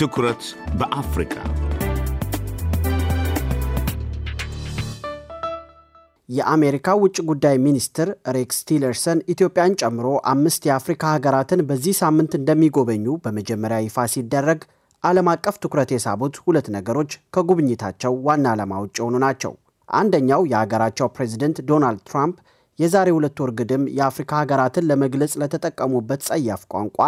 ትኩረት በአፍሪካ የአሜሪካ ውጭ ጉዳይ ሚኒስትር ሬክስ ቲለርሰን ኢትዮጵያን ጨምሮ አምስት የአፍሪካ ሀገራትን በዚህ ሳምንት እንደሚጎበኙ በመጀመሪያ ይፋ ሲደረግ ዓለም አቀፍ ትኩረት የሳቡት ሁለት ነገሮች ከጉብኝታቸው ዋና ዓላማ ውጭ የሆኑ ናቸው። አንደኛው የሀገራቸው ፕሬዚደንት ዶናልድ ትራምፕ የዛሬ ሁለት ወር ግድም የአፍሪካ ሀገራትን ለመግለጽ ለተጠቀሙበት ጸያፍ ቋንቋ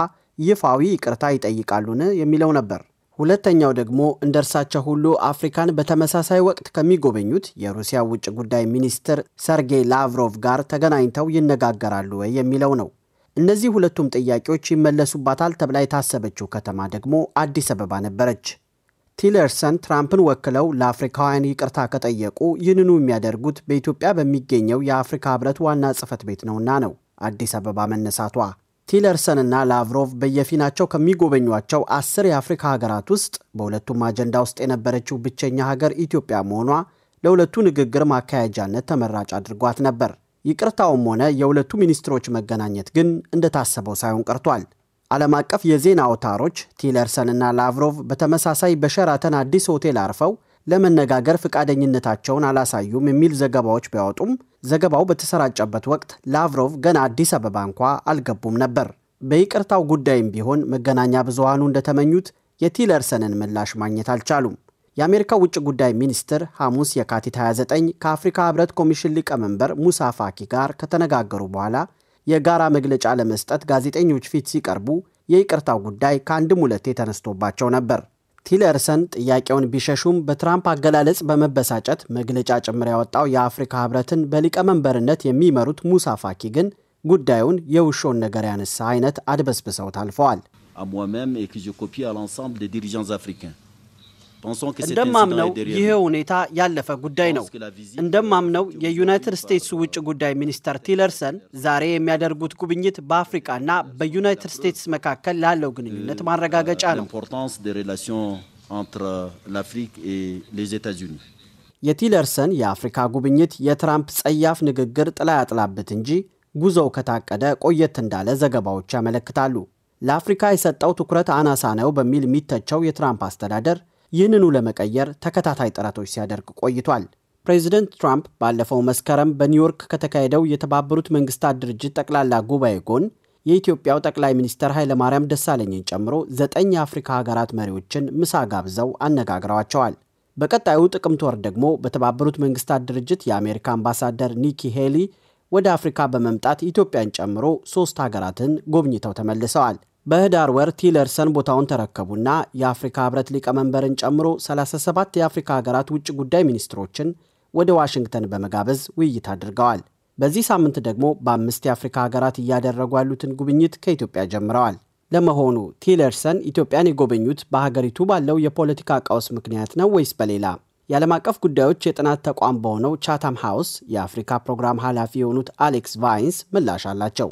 ይፋዊ ይቅርታ ይጠይቃሉን የሚለው ነበር። ሁለተኛው ደግሞ እንደ እርሳቸው ሁሉ አፍሪካን በተመሳሳይ ወቅት ከሚጎበኙት የሩሲያ ውጭ ጉዳይ ሚኒስትር ሰርጌይ ላቭሮቭ ጋር ተገናኝተው ይነጋገራሉ ወይ የሚለው ነው። እነዚህ ሁለቱም ጥያቄዎች ይመለሱባታል ተብላ የታሰበችው ከተማ ደግሞ አዲስ አበባ ነበረች። ቲለርሰን ትራምፕን ወክለው ለአፍሪካውያን ይቅርታ ከጠየቁ ይህንኑ የሚያደርጉት በኢትዮጵያ በሚገኘው የአፍሪካ ህብረት ዋና ጽህፈት ቤት ነውና ነው አዲስ አበባ መነሳቷ። ቲለርሰንና ላቭሮቭ በየፊናቸው ከሚጎበኟቸው አስር የአፍሪካ ሀገራት ውስጥ በሁለቱም አጀንዳ ውስጥ የነበረችው ብቸኛ ሀገር ኢትዮጵያ መሆኗ ለሁለቱ ንግግር ማካሄጃነት ተመራጭ አድርጓት ነበር። ይቅርታውም ሆነ የሁለቱ ሚኒስትሮች መገናኘት ግን እንደታሰበው ሳይሆን ቀርቷል። ዓለም አቀፍ የዜና አውታሮች ቲለርሰን እና ላቭሮቭ በተመሳሳይ በሸራተን አዲስ ሆቴል አርፈው ለመነጋገር ፈቃደኝነታቸውን አላሳዩም የሚል ዘገባዎች ቢያወጡም ዘገባው በተሰራጨበት ወቅት ላቭሮቭ ገና አዲስ አበባ እንኳ አልገቡም ነበር። በይቅርታው ጉዳይም ቢሆን መገናኛ ብዙሃኑ እንደተመኙት የቲለርሰንን ምላሽ ማግኘት አልቻሉም። የአሜሪካ ውጭ ጉዳይ ሚኒስትር ሐሙስ የካቲት 29 ከአፍሪካ ህብረት ኮሚሽን ሊቀመንበር ሙሳ ፋኪ ጋር ከተነጋገሩ በኋላ የጋራ መግለጫ ለመስጠት ጋዜጠኞች ፊት ሲቀርቡ የይቅርታው ጉዳይ ከአንድም ሁለቴ ተነስቶባቸው ነበር። ቲለርሰን ጥያቄውን ቢሸሹም በትራምፕ አገላለጽ በመበሳጨት መግለጫ ጭምር ያወጣው የአፍሪካ ህብረትን በሊቀመንበርነት የሚመሩት ሙሳ ፋኪ ግን ጉዳዩን የውሾን ነገር ያነሳ አይነት አድበስብሰው ታልፈዋል። እንደማምነው ይህ ሁኔታ ያለፈ ጉዳይ ነው። እንደማምነው የዩናይትድ ስቴትስ ውጭ ጉዳይ ሚኒስተር ቲለርሰን ዛሬ የሚያደርጉት ጉብኝት በአፍሪቃና በዩናይትድ ስቴትስ መካከል ላለው ግንኙነት ማረጋገጫ ነው። የቲለርሰን የአፍሪካ ጉብኝት የትራምፕ ጸያፍ ንግግር ጥላ ያጥላበት እንጂ ጉዞው ከታቀደ ቆየት እንዳለ ዘገባዎች ያመለክታሉ። ለአፍሪካ የሰጠው ትኩረት አናሳ ነው በሚል የሚተቸው የትራምፕ አስተዳደር ይህንኑ ለመቀየር ተከታታይ ጥረቶች ሲያደርግ ቆይቷል። ፕሬዚደንት ትራምፕ ባለፈው መስከረም በኒውዮርክ ከተካሄደው የተባበሩት መንግስታት ድርጅት ጠቅላላ ጉባኤ ጎን የኢትዮጵያው ጠቅላይ ሚኒስትር ኃይለማርያም ደሳለኝን ጨምሮ ዘጠኝ የአፍሪካ ሀገራት መሪዎችን ምሳ ጋብዘው አነጋግረዋቸዋል። በቀጣዩ ጥቅምት ወር ደግሞ በተባበሩት መንግስታት ድርጅት የአሜሪካ አምባሳደር ኒኪ ሄሊ ወደ አፍሪካ በመምጣት ኢትዮጵያን ጨምሮ ሶስት ሀገራትን ጎብኝተው ተመልሰዋል። በህዳር ወር ቲለርሰን ቦታውን ተረከቡና የአፍሪካ ህብረት ሊቀመንበርን ጨምሮ 37 የአፍሪካ ሀገራት ውጭ ጉዳይ ሚኒስትሮችን ወደ ዋሽንግተን በመጋበዝ ውይይት አድርገዋል። በዚህ ሳምንት ደግሞ በአምስት የአፍሪካ ሀገራት እያደረጉ ያሉትን ጉብኝት ከኢትዮጵያ ጀምረዋል። ለመሆኑ ቲለርሰን ኢትዮጵያን የጎበኙት በሀገሪቱ ባለው የፖለቲካ ቀውስ ምክንያት ነው ወይስ በሌላ? የዓለም አቀፍ ጉዳዮች የጥናት ተቋም በሆነው ቻታም ሃውስ የአፍሪካ ፕሮግራም ኃላፊ የሆኑት አሌክስ ቫይንስ ምላሽ አላቸው።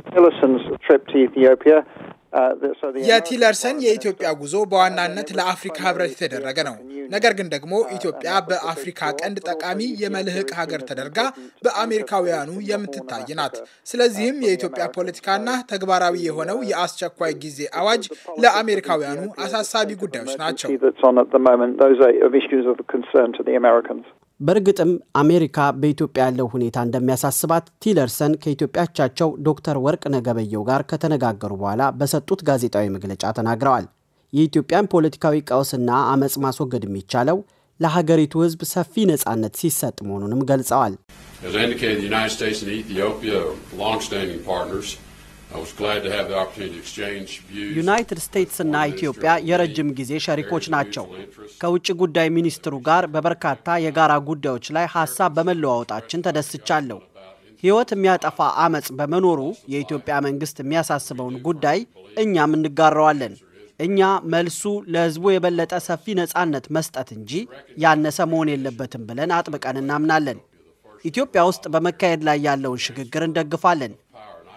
የቲለርሰን የኢትዮጵያ ጉዞ በዋናነት ለአፍሪካ ህብረት የተደረገ ነው። ነገር ግን ደግሞ ኢትዮጵያ በአፍሪካ ቀንድ ጠቃሚ የመልህቅ ሀገር ተደርጋ በአሜሪካውያኑ የምትታይ ናት። ስለዚህም የኢትዮጵያ ፖለቲካና ተግባራዊ የሆነው የአስቸኳይ ጊዜ አዋጅ ለአሜሪካውያኑ አሳሳቢ ጉዳዮች ናቸው። በእርግጥም አሜሪካ በኢትዮጵያ ያለው ሁኔታ እንደሚያሳስባት ቲለርሰን ከኢትዮጵያቻቸው ዶክተር ወርቅ ነገበየው ጋር ከተነጋገሩ በኋላ በሰጡት ጋዜጣዊ መግለጫ ተናግረዋል። የኢትዮጵያን ፖለቲካዊ ቀውስና አመፅ ማስወገድ የሚቻለው ለሀገሪቱ ሕዝብ ሰፊ ነጻነት ሲሰጥ መሆኑንም ገልጸዋል። ዩናይትድ ስቴትስና ኢትዮጵያ የረጅም ጊዜ ሸሪኮች ናቸው። ከውጭ ጉዳይ ሚኒስትሩ ጋር በበርካታ የጋራ ጉዳዮች ላይ ሀሳብ በመለዋወጣችን ተደስቻለሁ። ሕይወት የሚያጠፋ አመፅ በመኖሩ የኢትዮጵያ መንግስት የሚያሳስበውን ጉዳይ እኛም እንጋራዋለን። እኛ መልሱ ለሕዝቡ የበለጠ ሰፊ ነፃነት መስጠት እንጂ ያነሰ መሆን የለበትም ብለን አጥብቀን እናምናለን። ኢትዮጵያ ውስጥ በመካሄድ ላይ ያለውን ሽግግር እንደግፋለን።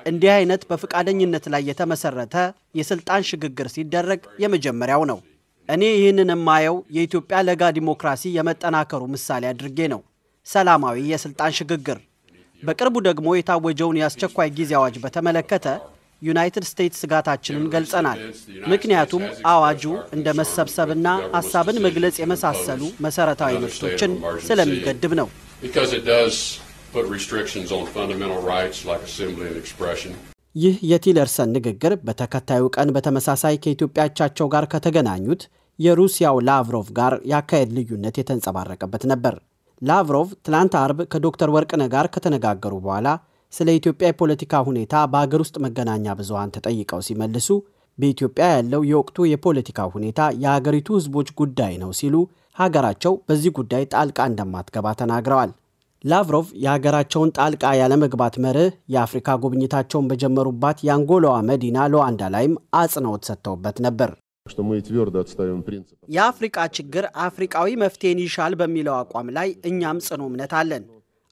እንዲህ አይነት በፈቃደኝነት ላይ የተመሰረተ የስልጣን ሽግግር ሲደረግ የመጀመሪያው ነው። እኔ ይህንን የማየው የኢትዮጵያ ለጋ ዲሞክራሲ የመጠናከሩ ምሳሌ አድርጌ ነው። ሰላማዊ የስልጣን ሽግግር። በቅርቡ ደግሞ የታወጀውን የአስቸኳይ ጊዜ አዋጅ በተመለከተ ዩናይትድ ስቴትስ ስጋታችንን ገልጸናል። ምክንያቱም አዋጁ እንደ መሰብሰብና ሀሳብን መግለጽ የመሳሰሉ መሰረታዊ መብቶችን ስለሚገድብ ነው። put restrictions on fundamental rights like assembly and expression. ይህ የቲለርሰን ንግግር በተከታዩ ቀን በተመሳሳይ ከኢትዮጵያቻቸው ጋር ከተገናኙት የሩሲያው ላቭሮቭ ጋር የአካሄድ ልዩነት የተንጸባረቀበት ነበር። ላቭሮቭ ትናንት አርብ ከዶክተር ወርቅነ ጋር ከተነጋገሩ በኋላ ስለ ኢትዮጵያ የፖለቲካ ሁኔታ በአገር ውስጥ መገናኛ ብዙሃን ተጠይቀው ሲመልሱ በኢትዮጵያ ያለው የወቅቱ የፖለቲካ ሁኔታ የአገሪቱ ሕዝቦች ጉዳይ ነው ሲሉ ሀገራቸው በዚህ ጉዳይ ጣልቃ እንደማትገባ ተናግረዋል። ላቭሮቭ የሀገራቸውን ጣልቃ ያለመግባት መርህ የአፍሪካ ጉብኝታቸውን በጀመሩባት የአንጎላዋ መዲና ሉዋንዳ ላይም አጽንኦት ሰጥተውበት ነበር። የአፍሪቃ ችግር አፍሪቃዊ መፍትሄን ይሻል በሚለው አቋም ላይ እኛም ጽኑ እምነት አለን።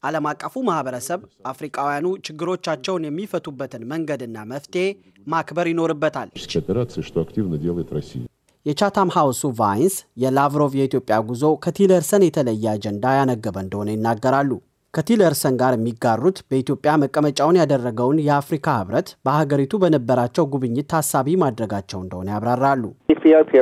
ዓለም አቀፉ ማህበረሰብ አፍሪቃውያኑ ችግሮቻቸውን የሚፈቱበትን መንገድና መፍትሄ ማክበር ይኖርበታል። የቻታም ሃውሱ ቫይንስ የላቭሮቭ የኢትዮጵያ ጉዞ ከቲለርሰን የተለየ አጀንዳ ያነገበ እንደሆነ ይናገራሉ። ከቲለርሰን ጋር የሚጋሩት በኢትዮጵያ መቀመጫውን ያደረገውን የአፍሪካ ህብረት በሀገሪቱ በነበራቸው ጉብኝት ታሳቢ ማድረጋቸው እንደሆነ ያብራራሉ። ኢትዮጵያ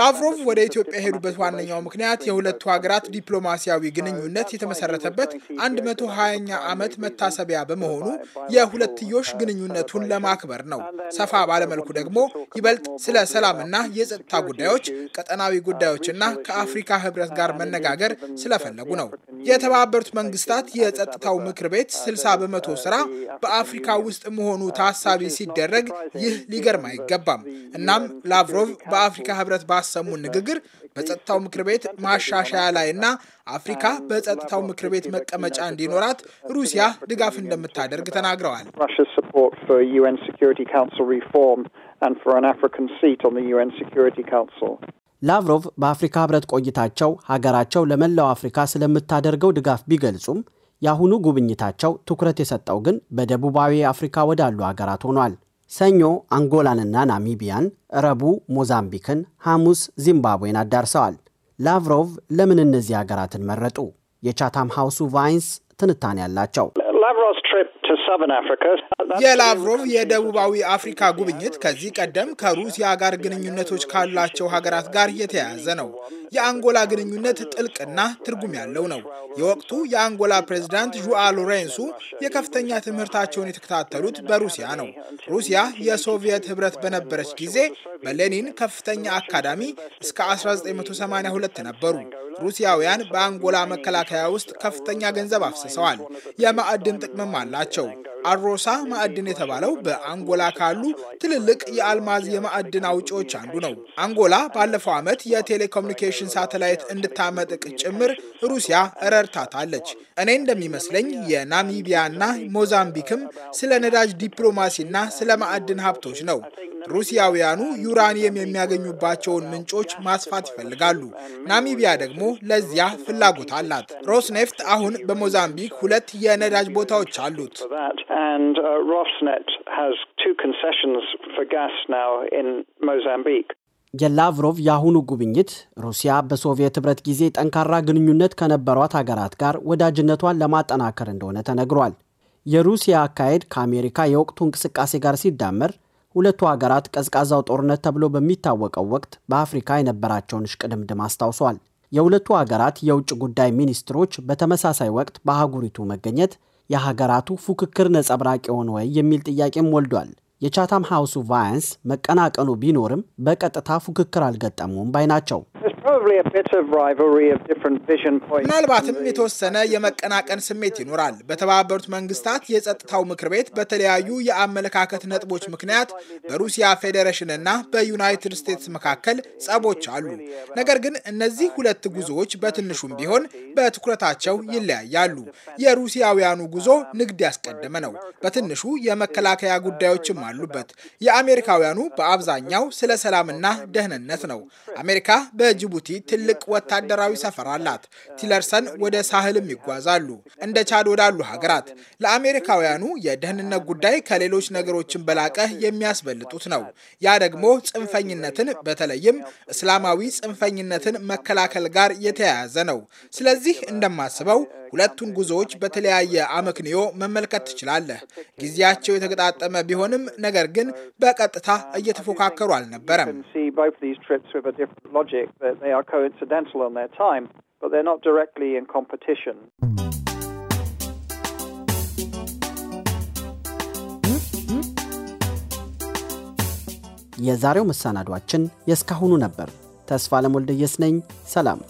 ላቭሮቭ ወደ ኢትዮጵያ የሄዱበት ዋነኛው ምክንያት የሁለቱ ሀገራት ዲፕሎማሲያዊ ግንኙነት የተመሰረተበት 120ኛ ዓመት መታሰቢያ በመሆኑ የሁለትዮሽ ግንኙነቱን ለማክበር ነው። ሰፋ ባለመልኩ ደግሞ ይበልጥ ስለ ሰላምና የጸጥታ ጉዳዮች፣ ቀጠናዊ uh, ጉዳዮችና ከአፍሪካ ሕብረት ጋር uh, መነጋገር ስለፈለጉ ነው። የተባበሩት መንግስታት የጸጥታው ምክር ቤት 60 በመቶ ስራ በአፍሪካ ውስጥ መሆኑ ታሳቢ ሲደረግ ይህ ሊገርም አይገባም። እናም ላቭሮቭ በአፍሪካ ህብረት ባሰሙ ንግግር በጸጥታው ምክር ቤት ማሻሻያ ላይ እና አፍሪካ በጸጥታው ምክር ቤት መቀመጫ እንዲኖራት ሩሲያ ድጋፍ እንደምታደርግ ተናግረዋል። ላቭሮቭ በአፍሪካ ህብረት ቆይታቸው ሀገራቸው ለመላው አፍሪካ ስለምታደርገው ድጋፍ ቢገልጹም የአሁኑ ጉብኝታቸው ትኩረት የሰጠው ግን በደቡባዊ አፍሪካ ወዳሉ ሀገራት ሆኗል። ሰኞ አንጎላንና ናሚቢያን፣ ረቡ ሞዛምቢክን፣ ሐሙስ ዚምባብዌን አዳርሰዋል። ላቭሮቭ ለምን እነዚህ ሀገራትን መረጡ? የቻታም ሃውሱ ቫይንስ ትንታኔ አላቸው። ላቭሮቭ ትሪፕ የላቭሮቭ የደቡባዊ አፍሪካ ጉብኝት ከዚህ ቀደም ከሩሲያ ጋር ግንኙነቶች ካላቸው ሀገራት ጋር የተያያዘ ነው። የአንጎላ ግንኙነት ጥልቅና ትርጉም ያለው ነው። የወቅቱ የአንጎላ ፕሬዝዳንት ዡአ ሎሬንሱ የከፍተኛ ትምህርታቸውን የተከታተሉት በሩሲያ ነው። ሩሲያ የሶቪየት ሕብረት በነበረች ጊዜ በሌኒን ከፍተኛ አካዳሚ እስከ 1982 ነበሩ። ሩሲያውያን በአንጎላ መከላከያ ውስጥ ከፍተኛ ገንዘብ አፍስሰዋል። የማዕድን ጥቅምም አላቸው። አሮሳ ማዕድን የተባለው በአንጎላ ካሉ ትልልቅ የአልማዝ የማዕድን አውጪዎች አንዱ ነው። አንጎላ ባለፈው ዓመት የቴሌኮሙኒኬሽን ሳተላይት እንድታመጥቅ ጭምር ሩሲያ ረድታታለች። እኔ እንደሚመስለኝ የናሚቢያና ሞዛምቢክም ስለ ነዳጅ ዲፕሎማሲና ስለ ማዕድን ሀብቶች ነው። ሩሲያውያኑ ዩራኒየም የሚያገኙባቸውን ምንጮች ማስፋት ይፈልጋሉ። ናሚቢያ ደግሞ ለዚያ ፍላጎት አላት። ሮስኔፍት አሁን በሞዛምቢክ ሁለት የነዳጅ ቦታዎች አሉት። የላቭሮቭ የአሁኑ ጉብኝት ሩሲያ በሶቪየት ኅብረት ጊዜ ጠንካራ ግንኙነት ከነበሯት ሀገራት ጋር ወዳጅነቷን ለማጠናከር እንደሆነ ተነግሯል። የሩሲያ አካሄድ ከአሜሪካ የወቅቱ እንቅስቃሴ ጋር ሲዳመር ሁለቱ ሀገራት ቀዝቃዛው ጦርነት ተብሎ በሚታወቀው ወቅት በአፍሪካ የነበራቸውን እሽቅድምድም አስታውሷል። የሁለቱ ሀገራት የውጭ ጉዳይ ሚኒስትሮች በተመሳሳይ ወቅት በአህጉሪቱ መገኘት የሀገራቱ ፉክክር ነጸብራቅ የሆነ ወይ የሚል ጥያቄም ወልዷል። የቻታም ሀውሱ ቫያንስ መቀናቀኑ ቢኖርም በቀጥታ ፉክክር አልገጠሙም ባይ ናቸው። ምናልባትም የተወሰነ የመቀናቀን ስሜት ይኖራል። በተባበሩት መንግስታት የጸጥታው ምክር ቤት በተለያዩ የአመለካከት ነጥቦች ምክንያት በሩሲያ ፌዴሬሽን እና በዩናይትድ ስቴትስ መካከል ጸቦች አሉ። ነገር ግን እነዚህ ሁለት ጉዞዎች በትንሹም ቢሆን በትኩረታቸው ይለያያሉ። የሩሲያውያኑ ጉዞ ንግድ ያስቀደመ ነው። በትንሹ የመከላከያ ጉዳዮችም አሉበት። የአሜሪካውያኑ በአብዛኛው ስለ ሰላምና ደህንነት ነው። አሜሪካ በጅቡ ጅቡቲ ትልቅ ወታደራዊ ሰፈር አላት። ቲለርሰን ወደ ሳህልም ይጓዛሉ፣ እንደ ቻድ ወዳሉ ሀገራት። ለአሜሪካውያኑ የደህንነት ጉዳይ ከሌሎች ነገሮችን በላቀ የሚያስበልጡት ነው። ያ ደግሞ ጽንፈኝነትን በተለይም እስላማዊ ጽንፈኝነትን መከላከል ጋር የተያያዘ ነው። ስለዚህ እንደማስበው ሁለቱን ጉዞዎች በተለያየ አመክንዮ መመልከት ትችላለህ። ጊዜያቸው የተገጣጠመ ቢሆንም ነገር ግን በቀጥታ እየተፎካከሩ አልነበረም። both of these trips with a different logic, that they are coincidental on their time, but they're not directly in competition. የዛሬው መሰናዷችን የእስካሁኑ ነበር። ተስፋ ለሞልደየስ ነኝ። ሰላም።